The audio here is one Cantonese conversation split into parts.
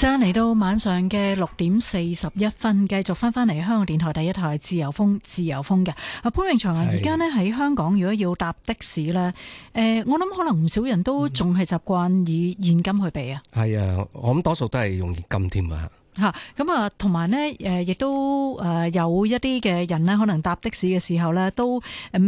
就嚟到晚上嘅六點四十一分，繼續翻翻嚟香港電台第一台《自由風》，自由風嘅阿潘榮祥啊，而家呢喺香港，如果要搭的士咧，誒、呃，我諗可能唔少人都仲係習慣以現金去俾啊。係啊，我諗多數都係用現金添啊。吓，咁啊，同埋咧，誒，亦都誒，有一啲嘅人咧，可能搭的士嘅時候咧，都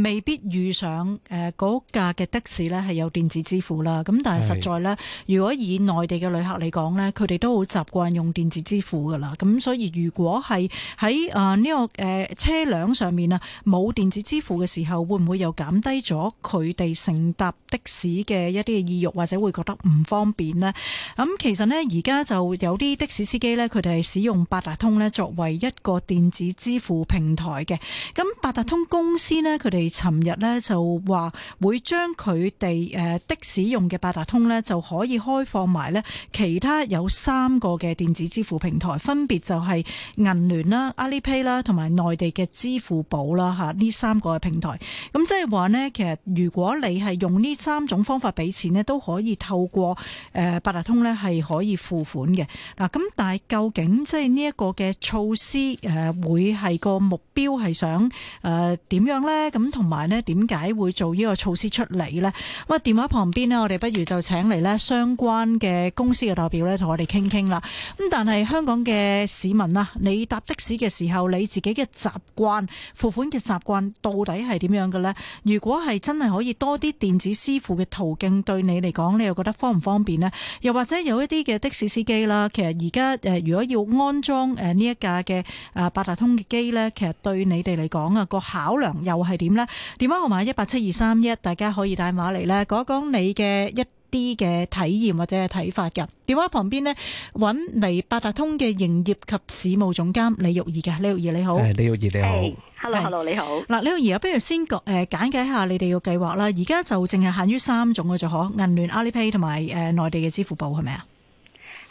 未必遇上誒嗰架嘅的士咧係有電子支付啦。咁但係實在咧，如果以內地嘅旅客嚟講咧，佢哋都好習慣用電子支付噶啦。咁所以如果係喺啊呢個誒車輛上面啊冇電子支付嘅時候，會唔會又減低咗佢哋乘搭的士嘅一啲嘅意欲，或者會覺得唔方便咧？咁其實咧，而家就有啲的士司機咧，佢哋係使用八達通咧作為一個電子支付平台嘅。咁八達通公司咧，佢哋尋日咧就話會將佢哋誒的士用嘅八達通咧就可以開放埋咧其他有三個嘅電子支付平台，分別就係銀聯啦、Alipay 啦、同埋內地嘅支付寶啦，吓，呢三個嘅平台，咁即係話咧，其實如果你係用呢三種方法俾錢咧，都可以透過誒八達通咧係可以付款嘅嗱。咁但係究竟即係呢一個嘅措施誒，會係個目標係想誒點樣咧？咁同埋咧，點解會做呢個措施出嚟咧？咁啊，電話旁邊咧，我哋不如就請嚟咧相關嘅公司嘅代表咧，同我哋傾傾啦。咁但係香港嘅市民啊，你搭的士嘅時候，你自己嘅習慣付款嘅習慣到底係點樣嘅咧？如果係真係可以多啲電子支付嘅途徑，對你嚟講，你又覺得方唔方便咧？又或者有一啲嘅的、的士司機啦，其實而家誒如果要安裝誒呢一架嘅誒八達通嘅機咧，其實，對你哋嚟講啊，個考量又係點咧？電話號碼一八七二三一，187231, 大家可以帶碼嚟咧，講一講你嘅一啲嘅體驗或者係睇法噶電話旁邊呢，搵嚟八達通嘅營業及市務總監李玉兒嘅。李玉兒你好，係李玉兒你好，hey，Hello Hello 你好。嗱，李玉兒啊，不如先講誒簡介下你哋個計劃啦。而家就淨係限於三種嘅就可銀聯 Alipay 同埋誒內地嘅支付寶係咪啊？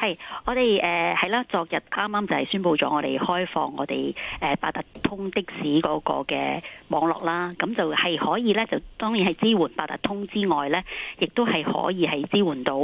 係我哋誒係啦，昨日啱啱就係宣布咗我哋開放我哋誒八達通的士嗰個嘅網絡啦。咁就係可以咧，就當然係支援八達通之外咧，亦都係可以係支援到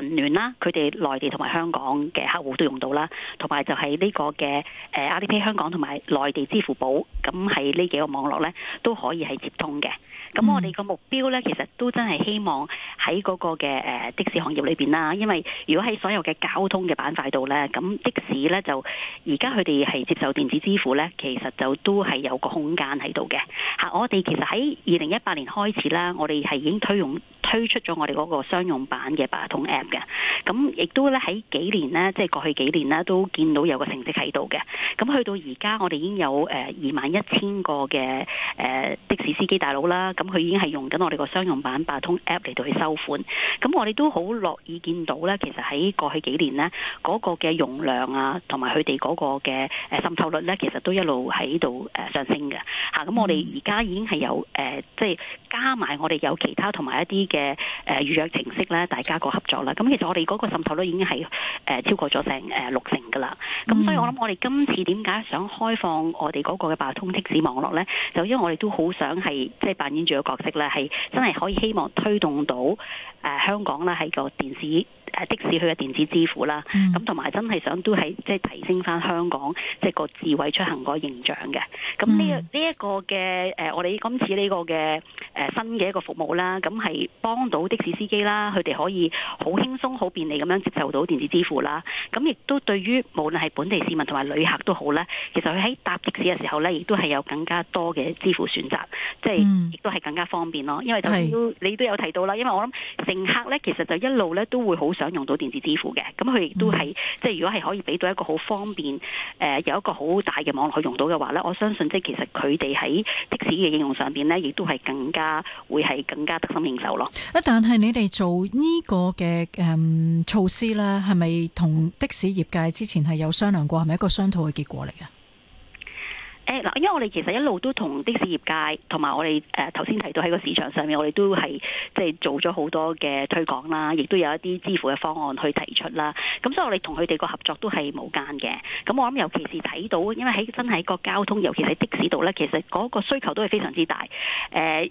銀聯啦。佢哋內地同埋香港嘅客戶都用到啦，同埋就係呢個嘅誒，阿里巴巴香港同埋內地支付寶咁，係呢幾個網絡咧都可以係接通嘅。咁我哋個目標咧，其實都真係希望喺嗰個嘅誒的士行業裏邊啦。因為如果喺所有嘅交通嘅板塊度咧，咁的士咧就而家佢哋係接受電子支付咧，其實就都係有個空間喺度嘅。吓，我哋其實喺二零一八年開始啦，我哋係已經推用推出咗我哋嗰個商用版嘅八通 App 嘅。咁亦都咧喺幾年咧，即係過去幾年啦都見到有個成績喺度嘅。咁去到而家，我哋已經有誒二萬一千個嘅誒的士司機大佬啦。咁佢已經係用緊我哋個商用版八達通 App 嚟到去收款，咁我哋都好樂意見到咧，其實喺過去幾年呢，嗰、嗰個嘅容量啊，同埋佢哋嗰個嘅誒滲透率咧，其實都一路喺度誒上升嘅嚇。咁我哋而家已經係有誒，即、呃、係加埋我哋有其他同埋一啲嘅誒預約程式咧，大家個合作啦。咁其實我哋嗰個滲透率已經係誒超過咗成誒六成噶啦。咁、嗯、所以我諗我哋今次點解想開放我哋嗰個嘅八達通的士網絡咧，就因為我哋都好想係即係扮演住，嘅角色咧，係真係可以希望推動到誒、呃、香港咧，喺個電視。的士佢嘅電子支付啦，咁同埋真係想都係即係提升翻香港即係個智慧出行個形象嘅。咁呢呢一個嘅誒、嗯呢個呃，我哋今次呢個嘅誒、呃、新嘅一個服務啦，咁係幫到的士司機啦，佢哋可以好輕鬆好便利咁樣接受到電子支付啦。咁亦都對於無論係本地市民同埋旅客都好咧，其實佢喺搭的士嘅時候咧，亦都係有更加多嘅支付選擇，即係亦都係更加方便咯。因為頭先你，你都有提到啦，因為我諗乘客咧，其實就一路咧都會好想。想用到電子支付嘅，咁佢亦都係即係，如果係可以俾到一個好方便，誒、呃、有一個好大嘅網絡去用到嘅話咧，我相信即係其實佢哋喺的士嘅應用上邊咧，亦都係更加會係更加得心應手咯。但係你哋做呢個嘅誒、嗯、措施咧，係咪同的士業界之前係有商量過，係咪一個商討嘅結果嚟嘅？因為我哋其實一路都同的士業界同埋我哋誒頭先提到喺個市場上面，我哋都係即係做咗好多嘅推廣啦，亦都有一啲支付嘅方案去提出啦。咁所以我哋同佢哋個合作都係無間嘅。咁我諗尤其是睇到，因為喺真係個交通，尤其是的士度咧，其實嗰個需求都係非常之大。誒、呃。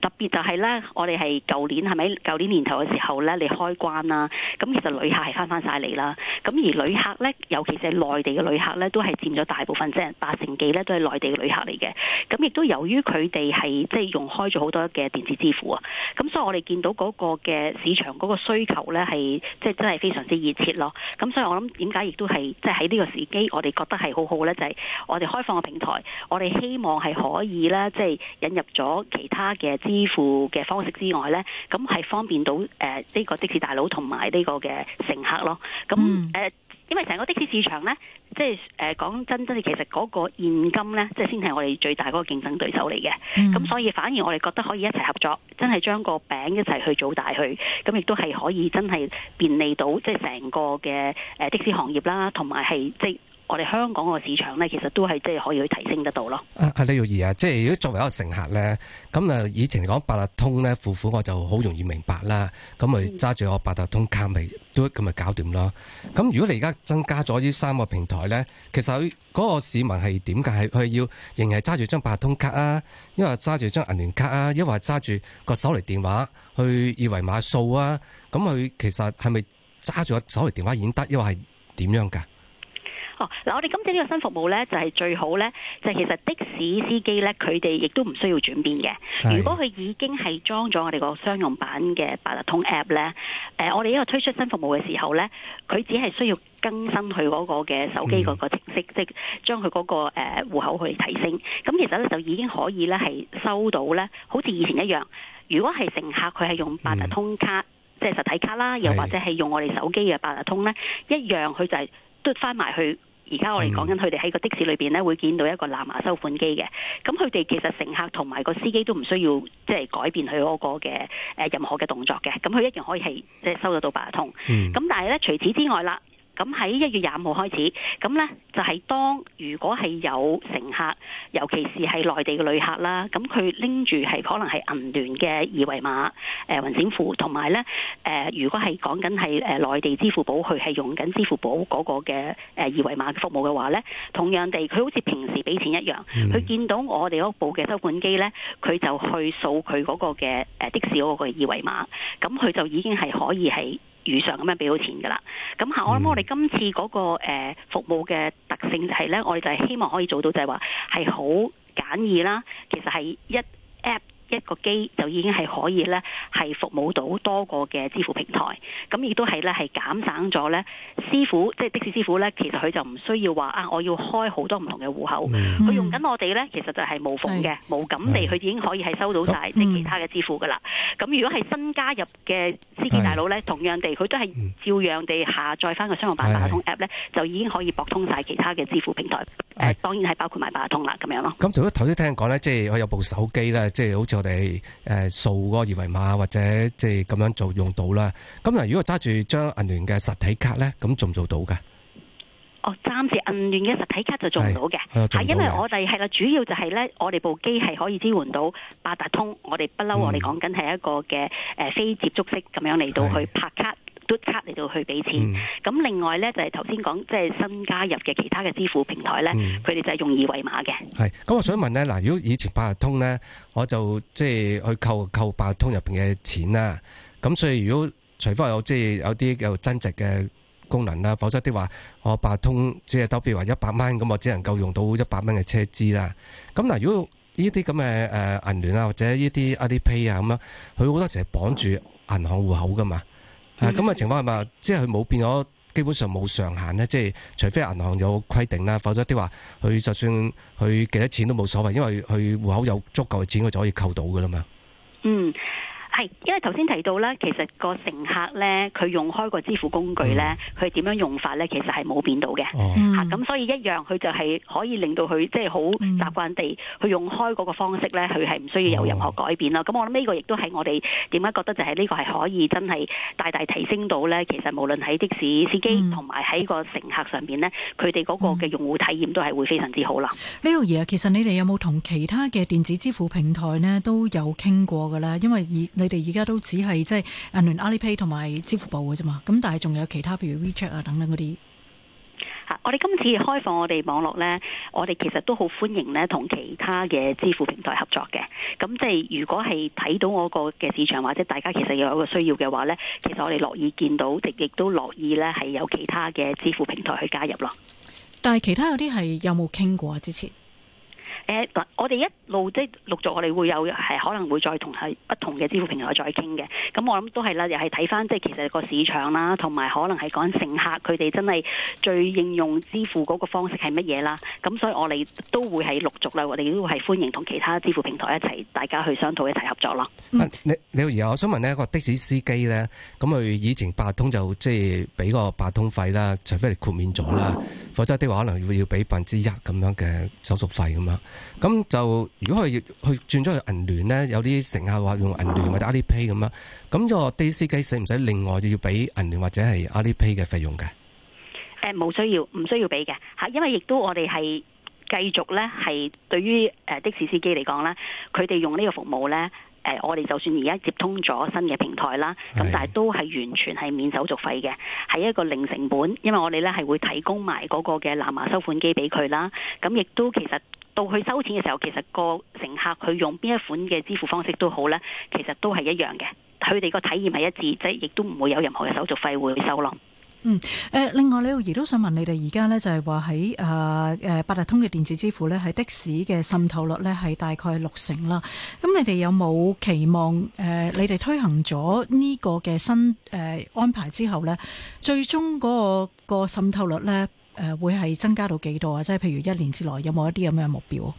特別就係咧，我哋係舊年係咪？舊年年頭嘅時候咧，你開關啦。咁其實旅客係翻翻晒嚟啦。咁而旅客咧，尤其是內地嘅旅客咧，都係佔咗大部分，即係八成幾咧，都係內地嘅旅客嚟嘅。咁亦都由於佢哋係即係用開咗好多嘅電子支付啊。咁所以我哋見到嗰個嘅市場嗰個需求咧，係即係真係非常之熱切咯。咁所以我諗點解亦都係即係喺呢個時機，我哋覺得係好好咧，就係我哋開放嘅平台，我哋希望係可以咧，即係引入咗其他嘅。支付嘅方式之外咧，咁係方便到誒呢、呃這個的士大佬同埋呢個嘅乘客咯。咁誒、mm. 呃，因為成個的士市場咧，即係誒講真真係其實嗰個現金咧，即係先係我哋最大嗰個競爭對手嚟嘅。咁、mm. 所以反而我哋覺得可以一齊合作，真係將個餅一齊去做大去。咁亦都係可以真係便利到即係成個嘅誒、呃、的士行業啦，同埋係即。我哋香港個市場咧，其實都係即係可以去提升得到咯。啊，李玉兒啊，即係如果作為一個乘客咧，咁啊，以前講八達通咧付款，父父我就好容易明白啦。咁咪揸住我八達通卡咪，都咁咪搞掂咯。咁如果你而家增加咗呢三個平台咧，其實嗰個市民係點解係佢要仍係揸住張八達通卡啊？抑或揸住張銀聯卡啊，抑或揸住個手提電話去二維碼掃啊，咁佢其實係咪揸住個手提電話已經得？抑或係點樣噶？嗱、哦，我哋今次呢個新服務咧，就係、是、最好咧，就是、其實的士司機咧，佢哋亦都唔需要轉變嘅。如果佢已經係裝咗我哋個商用版嘅八達通 App 咧、呃，我哋呢個推出新服務嘅時候咧，佢只係需要更新佢嗰個嘅手機嗰個程式，嗯、即係將佢嗰個戶口去提升。咁其實咧，就已經可以咧係收到咧，好似以前一樣。如果係乘客佢係用八達通卡，嗯、即係實體卡啦，又或者係用我哋手機嘅八達通咧，一樣佢就係、是、嘟翻埋去。而家我哋講緊佢哋喺個的士裏邊咧，會見到一個藍牙收款機嘅。咁佢哋其實乘客同埋個司機都唔需要即係改變佢嗰個嘅誒任何嘅動作嘅。咁佢一樣可以係即係收得到八達通。咁、嗯、但係咧，除此之外啦，咁喺一月廿五號開始，咁咧就係、是、當如果係有乘客，尤其是係內地嘅旅客啦，咁佢拎住係可能係銀聯嘅二維碼。誒雲閃付同埋咧，誒、呃、如果係講緊係誒內地支付寶，佢係用緊支付寶嗰個嘅誒二維碼服務嘅話咧，同樣地，佢好似平時俾錢一樣，佢見到我哋嗰部嘅收款機咧，佢就去掃佢嗰個嘅誒的士嗰個二維碼，咁佢就已經係可以係如常咁樣俾到錢噶啦。咁嚇，我諗我哋今次嗰個誒服務嘅特性就係咧，我哋就係希望可以做到就係話係好簡易啦，其實係一 app。一個機就已經係可以咧，係服務到多個嘅支付平台，咁亦都係咧係減省咗咧師傅，即、就、係、是、的士師傅咧，其實佢就唔需要話啊，我要開好多唔同嘅戶口，佢、嗯、用緊我哋咧，其實就係冇縫嘅，冇感地佢已經可以係收到晒即係其他嘅支付噶啦。咁、嗯、如果係新加入嘅司機大佬咧，同樣地佢都係照樣地下載翻個商務版大通 app 咧，就已經可以博通晒其他嘅支付平台。誒，當然係包括埋八達通啦，咁樣咯。咁頭先頭先聽人講咧，即係我有部手機咧，即係好似我哋誒掃嗰個二維碼或者即係咁樣做用到啦。咁嗱，如果揸住張銀聯嘅實體卡咧，咁做唔做到㗎？哦，暫時銀聯嘅實體卡就做唔到嘅，係因為我哋係啦，主要就係咧，我哋部機係可以支援到八達通，我哋不嬲，我哋講緊係一個嘅誒非接觸式咁樣嚟到去拍卡。都碌卡嚟到去俾錢，咁另外咧就係頭先講，即係新加入嘅其他嘅支付平台咧，佢、嗯、哋就係用二維碼嘅。係。咁我想問咧，嗱，如果以前八達通咧，我就即係去扣扣八達通入邊嘅錢啦，咁所以如果除非有即係有啲有增值嘅功能啦，否則的話，我八達通即係兜，譬如話一百蚊咁，我只能夠用到一百蚊嘅車資啦。咁嗱，如果呢啲咁嘅誒銀聯啊或者呢啲 Alipay 啊咁樣，佢好多時係綁住銀行戶口噶嘛。啊，咁嘅情況係咪即係佢冇變咗，基本上冇上限咧？即係除非銀行有規定啦，否則啲話佢就算佢幾多錢都冇所謂，因為佢戶口有足夠嘅錢，佢就可以扣到㗎啦嘛。嗯。係，因為頭先提到咧，其實個乘客咧，佢用開個支付工具咧，佢、嗯、點樣用法咧，其實係冇變到嘅。嚇、嗯，咁、啊、所以一樣，佢就係可以令到佢即係好習慣地去、嗯、用開嗰個方式咧，佢係唔需要有任何改變咯。咁、嗯、我諗呢個亦都係我哋點解覺得就係呢個係可以真係大大提升到咧，其實無論喺的士司機同埋喺個乘客上面咧，佢哋嗰個嘅用戶體驗都係會非常之好啦、嗯。呢個嘢其實你哋有冇同其他嘅電子支付平台呢都有傾過㗎咧？因為以你哋而家都只係即係連 Alipay 同埋支付寶嘅啫嘛，咁但係仲有其他譬如 WeChat 啊等等嗰啲啊。我哋今次開放我哋網絡呢，我哋其實都好歡迎呢同其他嘅支付平台合作嘅。咁即係如果係睇到我個嘅市場或者大家其實有一個需要嘅話呢，其實我哋樂意見到，亦都樂意呢係有其他嘅支付平台去加入咯。但係其他有啲係有冇傾過之前？誒，我哋一路即係陸續，我哋會有係可能會再同係不同嘅支付平台再傾嘅。咁我諗都係啦，又係睇翻即係其實個市場啦，同埋可能係講乘客佢哋真係最應用支付嗰個方式係乜嘢啦。咁所以我哋都會係陸續啦，我哋都會係歡迎同其他支付平台一齊大家去商討一齊合作咯。你，你好，而家我想問呢個的士司機咧，咁佢以前八通就即係俾個八通費啦，除非你豁免咗啦，否則的話可能會要要俾百分之一咁樣嘅手續費咁樣。咁就如果佢去，去轉咗去銀聯呢，有啲乘客話用銀聯或者阿里 pay 咁樣，咁、哦、個的士司機使唔使另外要俾銀聯或者係阿里 pay 嘅費用嘅？誒、呃，冇需要，唔需要俾嘅嚇，因為亦都我哋係繼續呢，係對於誒的士司機嚟講咧，佢哋用呢個服務呢。誒、呃，我哋就算而家接通咗新嘅平台啦，咁但係都係完全係免手續費嘅，係一個零成本，因為我哋咧係會提供埋嗰個嘅藍牙收款機俾佢啦。咁亦都其實到去收錢嘅時候，其實個乘客佢用邊一款嘅支付方式都好咧，其實都係一樣嘅，佢哋個體驗係一致，即係亦都唔會有任何嘅手續費會去收咯。嗯，誒，另外李玉兒都想問你哋而家呢，就係話喺誒，誒，八達通嘅電子支付呢，喺的士嘅滲透率呢，係大概六成啦。咁你哋有冇期望？誒、呃，你哋推行咗呢個嘅新誒、呃、安排之後呢，最終嗰、嗰個、嗰個滲透率呢，誒、呃，會係增加到幾多啊？即係譬如一年之內有冇一啲咁嘅目標？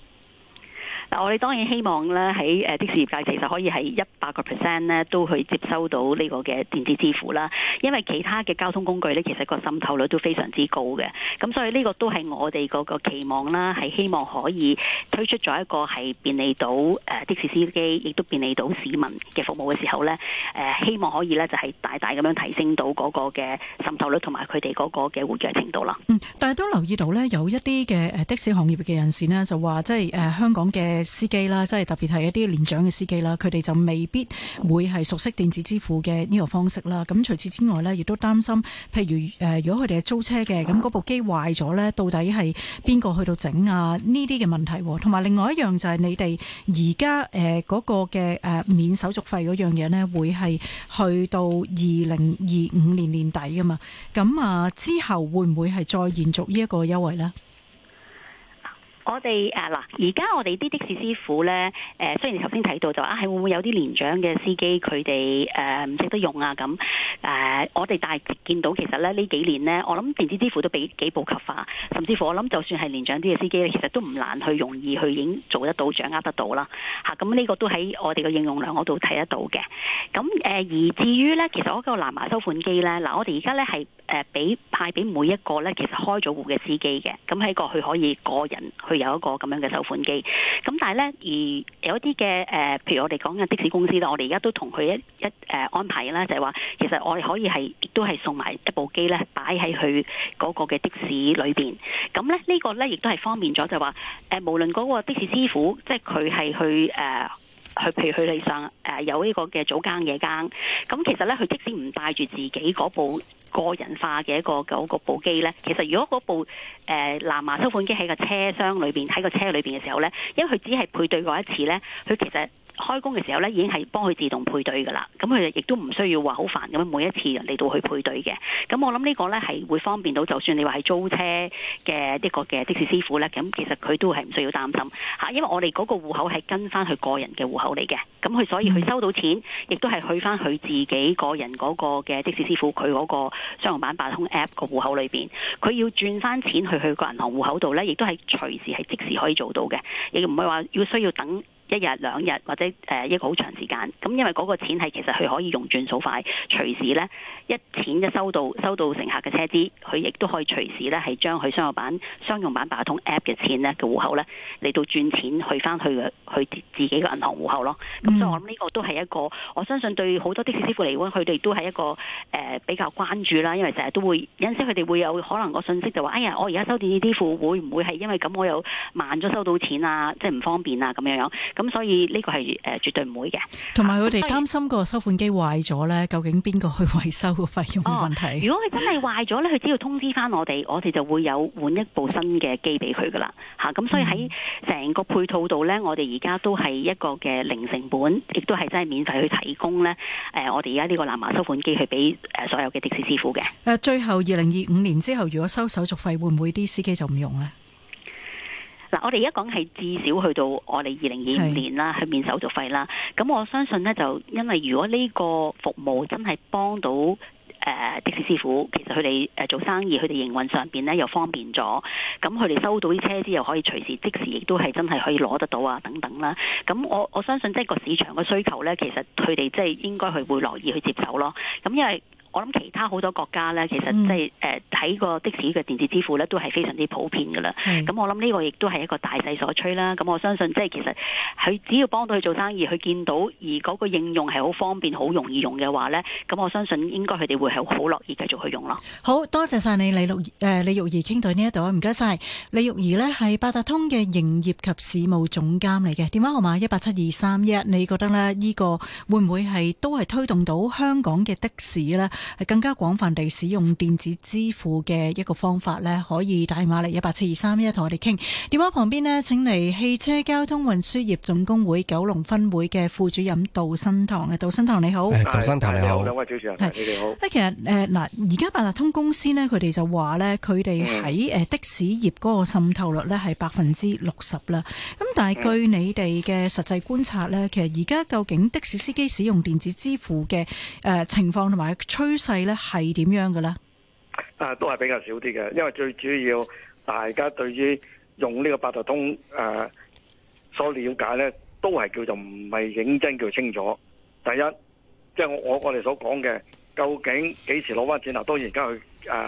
但我哋當然希望咧，喺誒的士業界其實可以係一百個 percent 咧都去接收到呢個嘅電子支付啦，因為其他嘅交通工具咧其實個滲透率都非常之高嘅，咁所以呢個都係我哋嗰個期望啦，係希望可以推出咗一個係便利到誒的士司機，亦都便利到市民嘅服務嘅時候咧，誒希望可以咧就係大大咁樣提升到嗰個嘅滲透率同埋佢哋嗰個嘅活躍程度啦。嗯，但係都留意到咧，有一啲嘅誒的士行業嘅人士呢，就話，即係誒香港嘅。司機啦，即係特別係一啲年長嘅司機啦，佢哋就未必會係熟悉電子支付嘅呢個方式啦。咁除此之外呢，亦都擔心，譬如誒、呃，如果佢哋係租車嘅，咁嗰部機壞咗呢，到底係邊個去到整啊？呢啲嘅問題，同埋另外一樣就係、是、你哋而家誒嗰個嘅誒免手續費嗰樣嘢呢，會係去到二零二五年年底噶嘛？咁啊之後會唔會係再延續呢一個優惠呢？我哋啊嗱，而家我哋啲的、的士師傅咧，誒雖然頭先睇到就啊，係會唔會有啲年長嘅司機佢哋誒唔識得用啊咁？誒、呃，我哋但係見到其實咧呢這幾年咧，我諗電子支付都比幾普及化，甚至乎我諗就算係年長啲嘅司機其實都唔難去容易去已經做得到、掌握得到啦嚇。咁、啊、呢個都喺我哋嘅應用量嗰度睇得到嘅。咁、啊、誒而至於咧，其實嗰個藍牙收款機咧，嗱、啊、我哋而家咧係誒俾派俾每一個咧，其實開咗戶嘅司機嘅，咁喺過去可以個人。佢有一個咁樣嘅收款機，咁但係咧，而有一啲嘅誒，譬如我哋講嘅的士公司咧，我哋而家都同佢一一誒、呃、安排啦，就係、是、話其實我哋可以係亦都係送埋一部機咧，擺喺佢嗰個嘅的士裏邊，咁咧呢、這個咧亦都係方便咗就係話誒、呃，無論嗰個的士師傅即係佢係去誒。呃佢譬如佢嚟上誒有呢個嘅早更夜更，咁其實咧佢即使唔帶住自己嗰部個人化嘅一個嗰個部機咧，其實如果嗰部誒、呃、藍牙收款機喺個車廂裏邊，喺個車裏邊嘅時候咧，因為佢只係配對過一次咧，佢其實。開工嘅時候咧，已經係幫佢自動配對嘅啦。咁佢亦都唔需要話好煩咁樣每一次嚟到去配對嘅。咁我諗呢個咧係會方便到，就算你話係租車嘅呢個嘅的士師傅咧，咁其實佢都係唔需要擔心嚇，因為我哋嗰個戶口係跟翻佢個人嘅戶口嚟嘅。咁佢所以佢收到錢，亦都係去翻佢自己個人嗰個嘅的士師傅佢嗰個商業版八通 App 個戶口裏邊。佢要轉翻錢去佢個銀行戶口度咧，亦都係隨時係即時可以做到嘅，亦唔係話要需要等。一日兩日或者誒一個好長時間，咁因為嗰個錢係其實佢可以用轉數快，隨時咧一錢一收到收到乘客嘅車資，佢亦都可以隨時咧係將佢商業版商用版八達通 App 嘅錢咧嘅戶口咧嚟到轉錢去翻去佢自己嘅銀行戶口咯。咁所以我諗呢個都係一個，我相信對好多的士師傅嚟講，佢哋都係一個、呃、比較關注啦，因為成日都會有陣時佢哋會有可能個信息就話：哎呀，我而家收電子支付會唔會係因為咁我有慢咗收到錢啊？即係唔方便啊咁樣樣。咁所以呢個係誒絕對唔會嘅，同埋佢哋擔心個收款機壞咗咧，究竟邊個去維修個費用嘅問題？哦、如果佢真係壞咗咧，佢只要通知翻我哋，我哋就會有換一部新嘅機俾佢噶啦。吓，咁所以喺成個配套度咧，我哋而家都係一個嘅零成本，亦都係真係免費去提供咧。誒，我哋而家呢個藍牙收款機去俾誒所有嘅的士師傅嘅。誒，最後二零二五年之後，如果收手續費，會唔會啲司機就唔用咧？嗱，我哋而家講係至少去到我哋二零二五年啦，去免手續費啦。咁我相信呢，就因為如果呢個服務真係幫到誒的士師傅，其實佢哋做生意，佢哋營運上面呢又方便咗。咁佢哋收到啲車之後可以隨時即時，亦都係真係可以攞得到啊等等啦。咁我我相信即係個市場嘅需求呢，其實佢哋即係應該佢會樂意去接受咯。咁因為我諗其他好多國家咧，其實即係誒，喺、嗯、個、呃、的士嘅電子支付咧，都係非常之普遍噶啦。咁、嗯、我諗呢個亦都係一個大勢所趨啦。咁、嗯、我相信即係其實佢只要幫到佢做生意，佢見到而嗰個應用係好方便、好容易用嘅話咧，咁、嗯、我相信應該佢哋會係好樂意繼續去用咯。好多謝晒你李玉誒、呃、李玉兒傾到呢一度啊，唔該晒李玉兒咧係八達通嘅營業及市務總監嚟嘅，電話號碼一八七二三一。17231, 你覺得呢、這個會唔會係都係推動到香港嘅的,的士咧？係更加廣泛地使用電子支付嘅一個方法呢，可以打電話嚟一八七二三一，同我哋傾。電話旁邊呢，請嚟汽車交通運輸業總工會九龍分會嘅副主任杜燊棠嘅，杜燊棠你好。杜燊棠你好。兩位主持人，你哋好。其實誒嗱，而家八達通公司呢，佢哋就話呢，佢哋喺誒的士業嗰個滲透率呢係百分之六十啦。咁但係據你哋嘅實際觀察呢，其實而家究竟的士司機使用電子支付嘅誒、呃、情況同埋催。趨勢咧係點樣嘅咧？啊，都係比較少啲嘅，因為最主要大家對於用呢個八達通誒、呃、所了解咧，都係叫做唔係認真叫清楚。第一，即、就、係、是、我我我哋所講嘅，究竟幾時攞翻錢？嗱，當然而家佢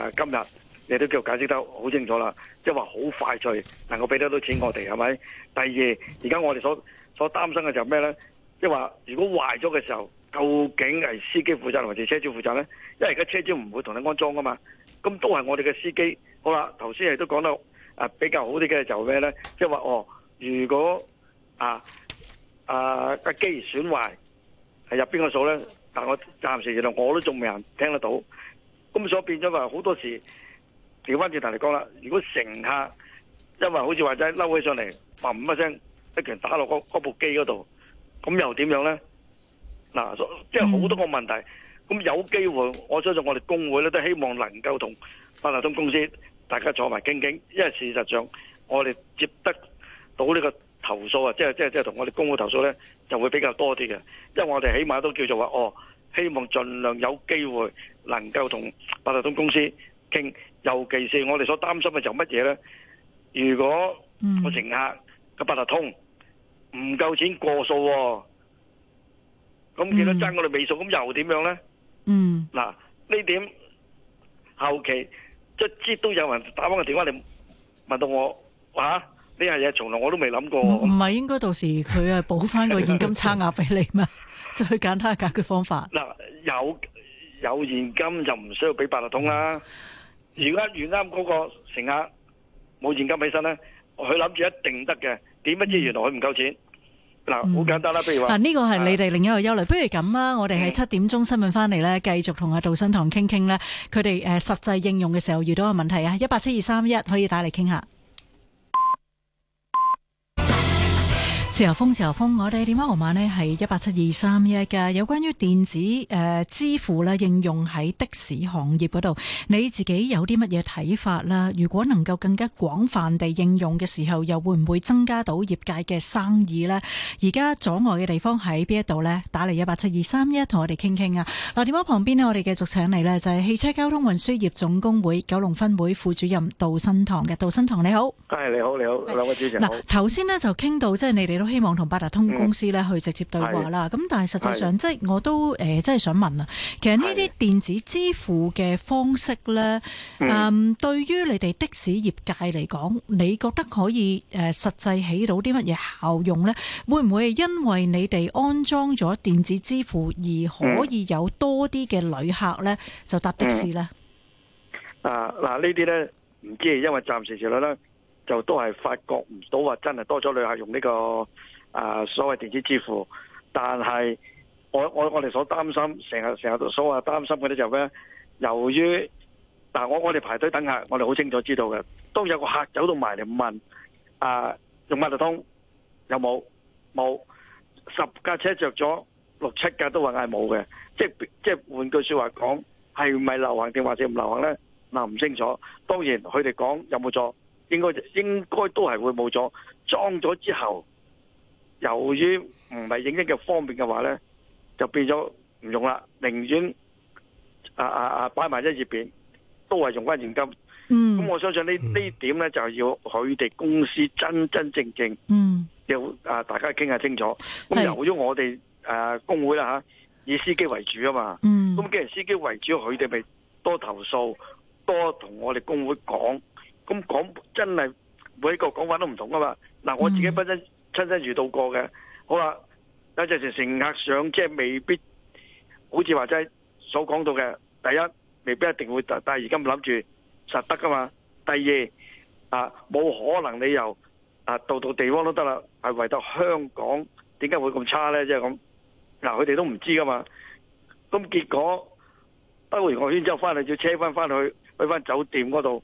誒今日你都叫解釋得好清楚啦，即係話好快脆能夠俾得到錢我哋係咪？第二，而家我哋所所擔心嘅就係咩咧？即係話如果壞咗嘅時候。究竟係司機負責，還是車主負責咧？因為而家車主唔會同你安裝噶嘛，咁都係我哋嘅司機。好啦，頭先亦都講到啊比較好啲嘅，就咩、是、咧？即係話哦，如果啊啊機損壞個機損壞係入邊個數咧，但係我暫時原來我都仲未人聽得到。咁所以變咗話好多時調翻轉頭嚟講啦，如果乘客因為好似話齋嬲起上嚟，嘭一聲一拳打落嗰、那個、部機嗰度，咁又點樣咧？嗱、啊，即係好多個問題，咁、嗯、有機會，我相信我哋工會咧都希望能夠同八達通公司大家坐埋傾傾，因為事實上我哋接得到呢個投訴啊，即係即係即係同我哋工會投訴咧就會比較多啲嘅，因為我哋起碼都叫做話哦，希望盡量有機會能夠同八達通公司傾，尤其是我哋所擔心嘅就乜嘢咧？如果個乘客嘅八達通唔夠錢過數喎、哦？咁、嗯、幾多爭我哋尾數咁又點樣咧？嗯，嗱、啊、呢點後期卒之都有人打翻個電話嚟問到我嚇呢樣嘢，啊、從來我都未諗過。唔、嗯、係應該到時佢啊補翻個現金差額俾你咩？即 去簡單嘅解決方法。嗱、啊、有有現金就唔需要俾八達通啦。如啱如啱嗰個乘客冇現金起身咧，佢諗住一定得嘅，點不知原來佢唔夠錢。嗱、嗯，好簡單啦。不如話，嗱、啊，呢個係你哋另一個憂慮。不如咁啊，我哋喺七點鐘新聞翻嚟咧，繼續同阿杜燊棠傾傾咧，佢哋誒實際應用嘅時候遇到嘅問題啊，一八七二三一可以打嚟傾下。自由風，自由風，我哋電話號碼呢係一八七二三一嘅。17231，有關於電子誒、呃、支付啦應用喺的士行業嗰度，你自己有啲乜嘢睇法啦？如果能夠更加廣泛地應用嘅時候，又會唔會增加到業界嘅生意呢？而家阻礙嘅地方喺邊一度呢？打嚟一八七二三一同我哋傾傾啊！嗱，電話旁邊呢，我哋繼續請嚟呢就係、是、汽車交通運輸業總工會九龍分會副主任杜燊棠嘅。杜燊棠你好，係你好，你好，兩位主持人。嗱，頭先呢就傾到即係你哋。我都希望同八達通公司咧去直接對話啦。咁、嗯、但係實際上，即係我都誒，即、呃、真係想問啊。其實呢啲電子支付嘅方式咧，誒、嗯嗯，對於你哋的士業界嚟講，你覺得可以誒，實際起到啲乜嘢效用咧？會唔會因為你哋安裝咗電子支付而可以有多啲嘅旅客咧，就搭的士咧？誒、嗯，嗱、嗯，啊、呢啲咧唔知，因為暫時條例啦。就都係發覺唔到話真係多咗旅客用呢個啊，所謂電子支付。但係我我我哋所擔心，成日成日都所謂擔心嗰啲就咩？由於嗱、啊、我我哋排隊等客，我哋好清楚知道嘅。當有個客走到埋嚟問啊，用八達通有冇冇，十架車著咗六七架都話嗌冇嘅。即即換句説話講，係咪流行定或者唔流行咧？嗱、啊、唔清楚。當然佢哋講有冇錯？應該應該都係會冇咗。裝咗之後，由於唔係影一嘅方便嘅話咧，就變咗唔用啦，寧願啊啊啊擺埋一邊，都係用翻現金。嗯，咁我相信這這點呢呢點咧就要佢哋公司真真正正，嗯，要啊大家傾下清楚。咁由於我哋誒、啊、工會啦吓、啊，以司機為主啊嘛，咁、嗯、既然司機為主，佢哋咪多投訴，多同我哋工會講。咁講真係每一個講法都唔同噶嘛。嗱、啊，我自己本身親身遇到過嘅、嗯，好啦有陣時乘客上車，即係未必好似話齋係所講到嘅。第一，未必一定會，但係而家咪諗住實得噶嘛。第二啊，冇可能你由啊到到地方都得啦，係為到香港點解會咁差咧？即係咁嗱，佢、啊、哋都唔知噶嘛。咁結果兜完個圈之後去，翻嚟要車翻翻去去翻酒店嗰度。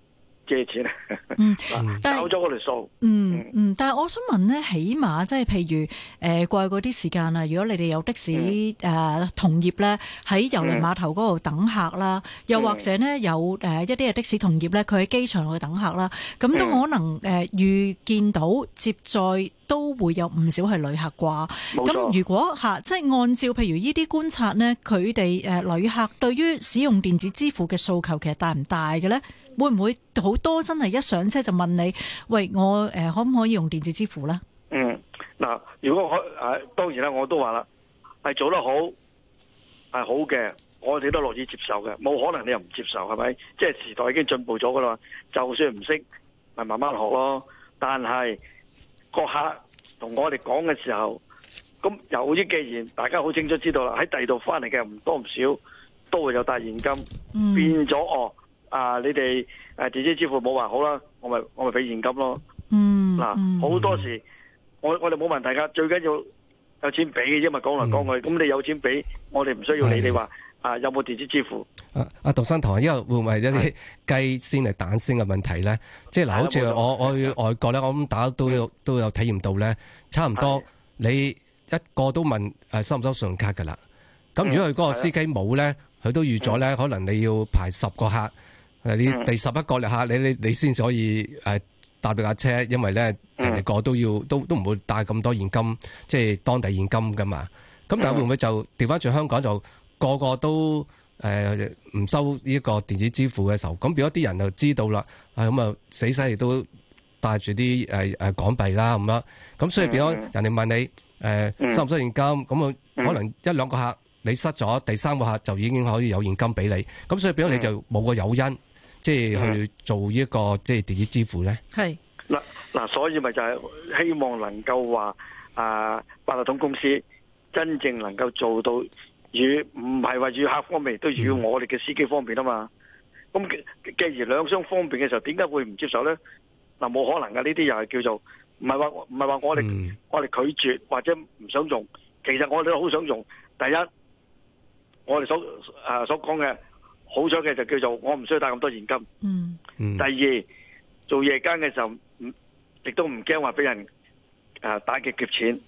借錢，但係有咗條數。嗯嗯，但係、嗯嗯、我想問咧，起碼即係譬如誒，呃、過去嗰啲時間啊，如果你哋有的士誒、嗯呃、同業咧喺郵輪碼頭嗰度等客啦、嗯，又或者呢有誒、呃、一啲嘅的士同業咧，佢喺機場去等客啦，咁都可能誒遇、嗯呃、見到接載都會有唔少係旅客啩。冇錯。咁如果吓、啊、即係按照譬如呢啲觀察呢，佢哋誒旅客對於使用電子支付嘅訴求其實大唔大嘅咧？會唔會好多真係一上車就問你？喂，我誒可唔可以用電子支付咧？嗯，嗱，如果可誒、啊，當然啦，我都話啦，係做得好，係好嘅，我哋都樂意接受嘅。冇可能你又唔接受，係咪？即係時代已經進步咗噶啦，就算唔識，咪慢慢學咯。但係個客同我哋講嘅時候，咁由於既然大家好清楚知道啦，喺第二度翻嚟嘅，唔多唔少都會有帶現金，嗯、變咗哦。啊！你哋誒電子支付冇話好啦，我咪我咪俾現金咯。嗯，嗱，好多時我我哋冇問題噶，最緊要有錢俾嘅啫嘛。講來講去，咁你有錢俾，我哋唔需要理你哋話啊有冇電子支付。啊，阿杜燊棠，因為會唔會有啲雞先定蛋先嘅問題咧？即係嗱，好似我我去外國咧，我諗大家都有都有體驗到咧，差唔多你一個都問誒收唔收信用卡噶啦。咁如果佢嗰個司機冇咧，佢都預咗咧，可能你要排十個客。你第十一個客，你你你先至可以誒搭對架車，因為咧，人哋個個都要都都唔會帶咁多現金，即係當地現金㗎嘛。咁但會唔會就調翻轉，香港就個個都誒唔收呢個電子支付嘅時候？咁變咗啲人就知道啦。咁啊死使亦都帶住啲誒誒港幣啦咁樣。咁所以變咗人哋問你誒收唔收現金？咁啊可能一兩個客你失咗，第三個客就已經可以有現金俾你。咁所以變咗你就冇個誘因。即係去做呢一個即係電子支付呢，係嗱嗱，所以咪就係希望能夠話啊，八達通公司真正能夠做到，與唔係為住客方面，都住我哋嘅司機方，方便啊嘛。咁既然兩廂方便嘅時候，點解會唔接受呢？嗱、啊，冇可能㗎，呢啲又係叫做唔係話唔係話我哋、嗯、我哋拒絕或者唔想用，其實我哋都好想用。第一，我哋所誒、呃、所講嘅。好彩嘅就叫做我唔需要帶咁多現金。嗯，第二做夜間嘅時候，唔亦都唔驚話俾人啊打劫劫錢。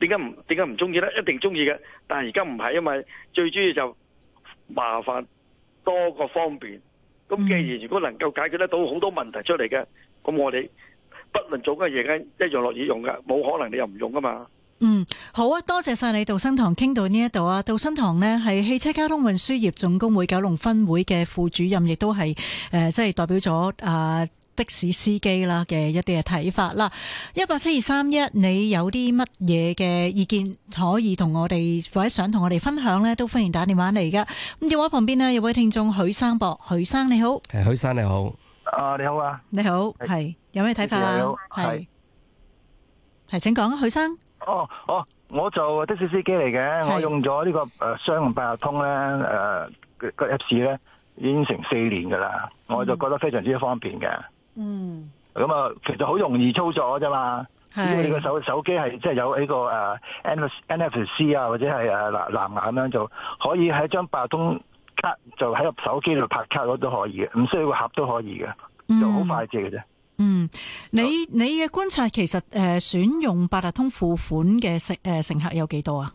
點解唔點解唔中意咧？一定中意嘅，但係而家唔係，因為最主要就麻煩多過方便。咁既然如果能夠解決得到好多問題出嚟嘅，咁我哋不論做緊夜間一樣樂意用噶，冇可能你又唔用噶嘛。嗯，好啊，多謝晒你杜燊棠傾到呢一度啊。杜燊棠呢係汽車交通運輸業總工會九龍分會嘅副主任，亦都係誒、呃，即係代表咗啊、呃、的士司機啦嘅一啲嘅睇法啦。一八七二三一，你有啲乜嘢嘅意見可以同我哋或者想同我哋分享呢？都歡迎打電話嚟噶。咁電話旁邊呢，有位聽眾許生博，許生你好，係許生你好，啊你好啊，你好，係有咩睇法啦係係，請講啊，許生。哦哦，我做的士司機嚟嘅，我用咗、這個呃、呢、呃這個誒雙龍八達通咧誒個 apps 咧已經成四年噶啦，我就覺得非常之方便嘅。嗯，咁啊，其實好容易操作嘅啫嘛，只要你個手手機係即係有呢、這個誒、uh, N N F C 啊或者係誒藍藍牙咁、啊、樣，就可以喺張八達通卡就喺入手機度拍卡，嗰都可以嘅，唔需要個盒都可以嘅，就好快捷嘅啫。Mm. 嗯，你你嘅觀察其實誒，選用八達通付款嘅乘誒乘客有幾多啊？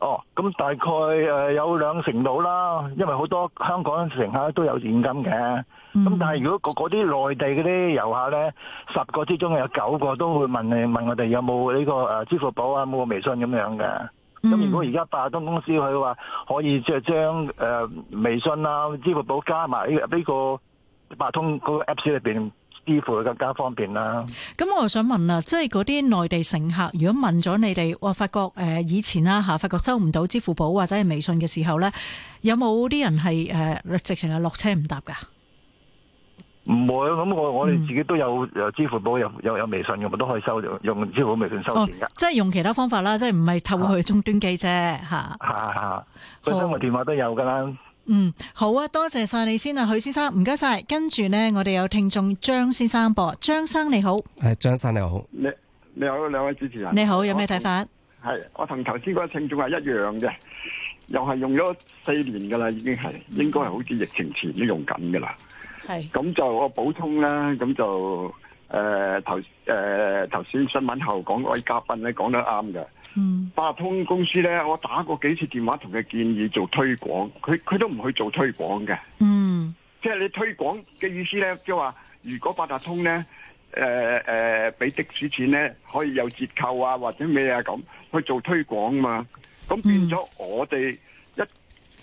哦，咁大概誒有兩成度啦，因為好多香港乘客都有現金嘅。咁、嗯、但係如果嗰啲內地嗰啲遊客咧，十個之中有九個都會問你，問我哋有冇呢個誒支付寶啊，冇個微信咁樣嘅。咁、嗯、如果而家八達通公司佢話可以即係將誒微信啊、支付寶加埋呢呢個八達通嗰個 apps 裏邊。支付更加方便啦。咁我又想問啦，即係嗰啲內地乘客，如果問咗你哋，哇發覺誒以前啦吓、啊，發覺收唔到支付寶或者係微信嘅時候咧，有冇啲人係誒、啊、直情係落車唔搭噶？唔會，咁我我哋自己都有誒支付寶，有有有微信，我咪都可以收用支付寶、微信收錢噶、哦。即係用其他方法啦，即係唔係透過終端機啫吓。吓、啊、吓，本、啊、身、啊啊、電話都有噶啦。嗯，好啊，多謝晒你先啊，許先生，唔該晒。跟住呢，我哋有聽眾張先生噃，張生你好，係張生你好，你你好，兩位主持人，你好，有咩睇法？係，我同頭先嗰個聽眾係一樣嘅，又係用咗四年噶啦，已經係，應該係好似疫情前都用緊噶啦，係。咁就我補充啦，咁就。誒、呃，頭誒，頭、呃、先新聞後講位嘉賓咧講得啱嘅。嗯，八達通公司咧，我打過幾次電話同佢建議做推廣，佢佢都唔去做推廣嘅。嗯，即係你推廣嘅意思咧，即係話如果八達通咧，誒、呃、誒，俾、呃、的士錢咧可以有折扣啊，或者咩啊咁去做推廣嘛。咁變咗我哋一誒、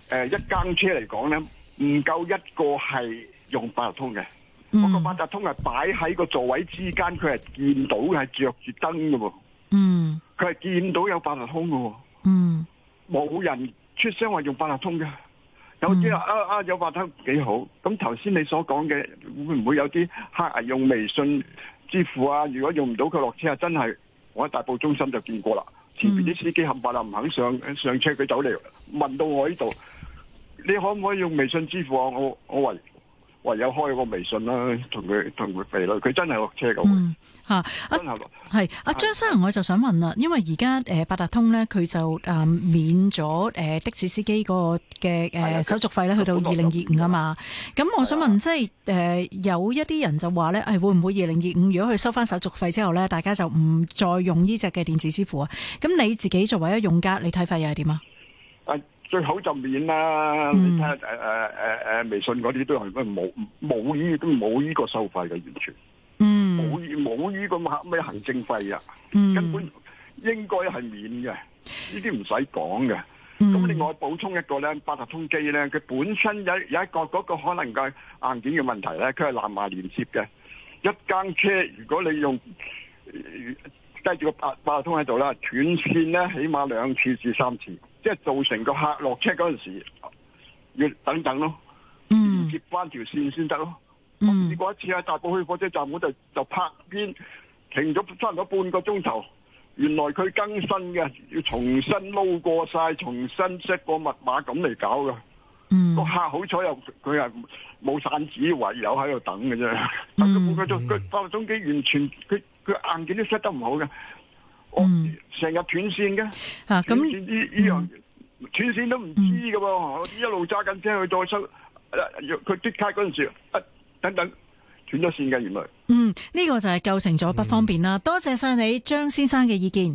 嗯、一間、呃、車嚟講咧，唔夠一個係用八達通嘅。我個八達通係擺喺個座位之間，佢係見到係着住燈噶，嗯，佢係見到有八達通噶，嗯，冇人出聲話用八達通噶，有啲啊啊有八達通幾好，咁頭先你所講嘅會唔會有啲客啊用微信支付啊？如果用唔到佢落車啊，真係我喺大埔中心就見過啦，前邊啲司機冚唪唥唔肯上上車走來，佢走嚟問到我呢度，你可唔可以用微信支付啊？我我話。唯有開個微信啦，同佢同佢嚟啦。佢真係落車噶喎。嗯，嚇、啊，真係啊！張生，我就想問啦，因為而家誒八達通咧，佢就誒、嗯、免咗誒、呃、的士司機嗰個嘅誒手續費咧，去到二零二五啊嘛。咁我想問，的即係誒、呃、有一啲人就話咧，誒、哎、會唔會二零二五如果佢收翻手續費之後咧，大家就唔再用呢隻嘅電子支付啊？咁你自己作為一用家，你睇又有啲啊？哎最好就免啦、嗯！你睇下誒誒誒誒，微信嗰啲都係冇冇呢都冇呢個收費嘅完全，冇冇呢個咩行政費啊、嗯！根本應該係免嘅，呢啲唔使講嘅。咁、嗯、另外補充一個咧，八達通機咧，佢本身有有一個嗰、嗰個可能嘅硬件嘅問題咧，佢係藍牙連接嘅，一間車如果你用跟住個八八達通喺度啦，斷線咧，起碼兩次至三次。即係造成個客落車嗰陣時，要等等咯，連接翻條線先得咯。我、嗯、嗰一次啊，搭到去火車站，我就就拍邊停咗差唔多半個鐘頭。原來佢更新嘅，要重新撈過晒，重新 set 個密碼咁嚟搞㗎。個、嗯、客好彩又佢係冇散紙，唯有喺度等嘅啫、嗯。等咗半個鐘，佢、嗯、發票總機完全佢佢硬件都 set 得唔好嘅。我唔成日斷線嘅吓，咁呢呢樣斷線都唔知噶喎、嗯，一路揸緊車去再收，佢即卡嗰陣時候、啊，等等斷咗線嘅原來的。嗯、呢、這個就係構成咗不方便啦、嗯。多謝晒你張先生嘅意見。